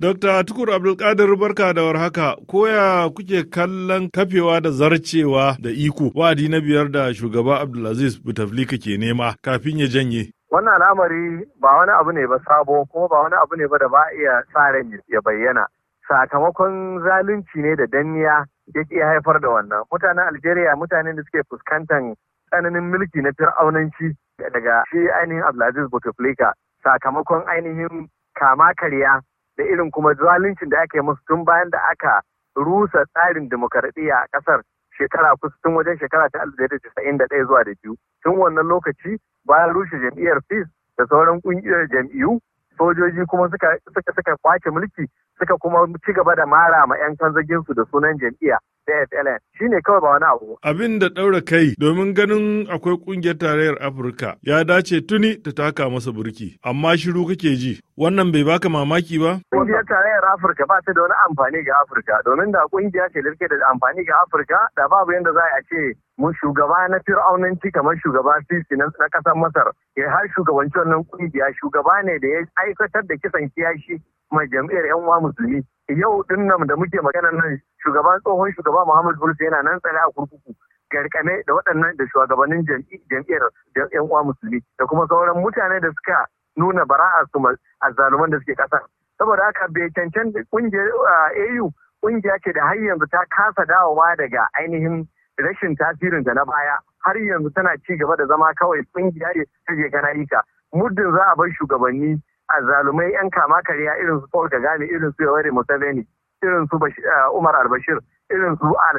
Dr. Tukur Abdulkadir barka da warhaka koya kuke kallon kafewa da zarcewa da iko wa'adi na biyar da shugaba Abdulaziz Butaflika ke nema kafin ya janye. Wannan al'amari ba wani abu ne ba sabo kuma ba wani abu ne ba da ba iya sa ya bayyana. Sakamakon zalunci ne da danniya ya ke haifar da wannan. Mutanen Algeria mutanen da suke fuskantar tsananin mulki na fir'aunanci daga shi ainihin Abdulaziz Bouteflika sakamakon ainihin kama karya da irin kuma zaluncin da ake musu tun bayan da aka rusa tsarin demokaradiyya a kasar shekara kusa tun wajen shekara ta alif da casa'in da ɗaya zuwa da biyu tun wannan lokaci bayan rushe jam'iyyar fis da sauran ƙungiyar jam'iyyu sojoji kuma suka suka kwace mulki suka kuma ci gaba da mara ma 'yan kanzaginsu da sunan jam'iyya da shi kawai ba wani abu. Abin da ɗaura kai domin ganin akwai ƙungiyar tarayyar Afirka ya dace tuni ta taka masa burki, amma shiru kake ji. Wannan bai baka mamaki ba? Ƙungiyar tarayyar Afirka ba ta da wani amfani ga Afirka, domin da ƙungiya ce da da amfani ga Afirka da babu yadda za a ce mun shugaba na fir'aunanci kamar shugaba sisi na ƙasar masar ya har shugabanci wannan kungiya shugaba ne da ya aikatar da kisan kiyashi ma jam'iyyar yan uwa musulmi yau din nan da muke magana nan shugaban tsohon shugaba Muhammad Bulsi yana nan tsare a kurkuku garkame da waɗannan da shugabannin jam'iyyar yan uwa musulmi da kuma sauran mutane da suka nuna bara'a su a zaluman da suke ƙasa saboda haka bai cancan kungiyar AU kungiya ce da har yanzu ta kasa dawowa daga ainihin rashin tasirin da na baya har yanzu tana ci gaba da zama kawai kungiya ne ta je ka muddin za a bar shugabanni azzalumai yan kama karya irin su Paul Kagame irin su Yoweri Museveni irin su eh, Umar Albashir irin su al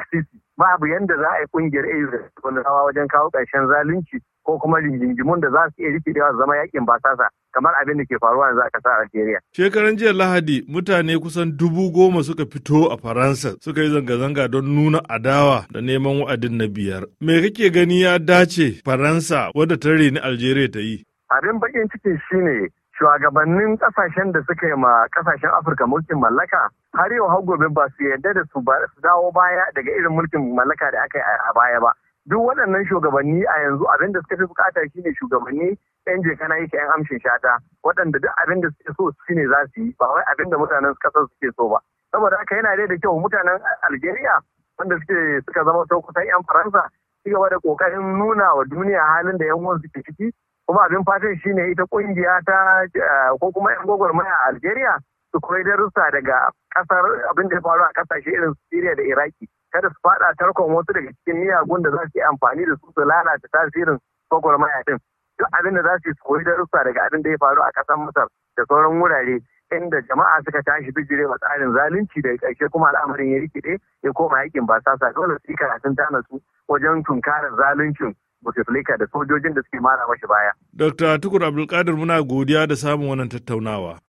babu yanda za a yi kungiyar AU wajen kawo ƙarshen zalunci ko kuma rigingimun da za su iya rikidewa zama yakin basasa kamar abin da ke faruwa yanzu a ƙasar Algeria. Shekaran jiya Lahadi mutane kusan dubu goma suka fito a Faransa suka yi zanga-zanga don nuna adawa da neman wa'adin na biyar. Me kake gani ya dace Faransa wadda ta reni Algeria ta yi? Abin bakin cikin shine shugabannin kasashen da suka yi ma kasashen afirka mulkin mallaka har yau har gobe ba su yarda da su dawo baya daga irin mulkin mallaka da aka yi a baya ba duk waɗannan shugabanni a yanzu abin da suka fi bukata shine shugabanni yan jekana yake yan amshin shata waɗanda duk abin da suke so shine za su yi ba wai abin da mutanen kasar suke so ba saboda haka yana da kyau mutanen algeria wanda suke suka zama sau kusan yan faransa ci gaba da kokarin nuna wa duniya halin da yan suke ciki kuma abin fatan shine ita kungiya ta eh, ko kuma yan gwagwarmaya a Algeria su koyi darussa daga kasar abin da ya faru a kasashe irin Syria da Iraki kada su fada tarkon wasu daga cikin miyagun da za su yi amfani da su su lalata tasirin gwagwarmaya din duk abin da za su koyi darussa daga abin da ya faru a kasar Masar da sauran wurare inda jama'a suka tashi bijire wa tsarin zalunci da ƙarshe kuma al'amarin ya rikide ya koma yakin ba sasa dole su yi karatun tana su wajen tunkarar zaluncin Bouteflika da sojojin da suke mara mashi baya. Dr. Tukur Abdulkadir muna godiya da samun wannan tattaunawa.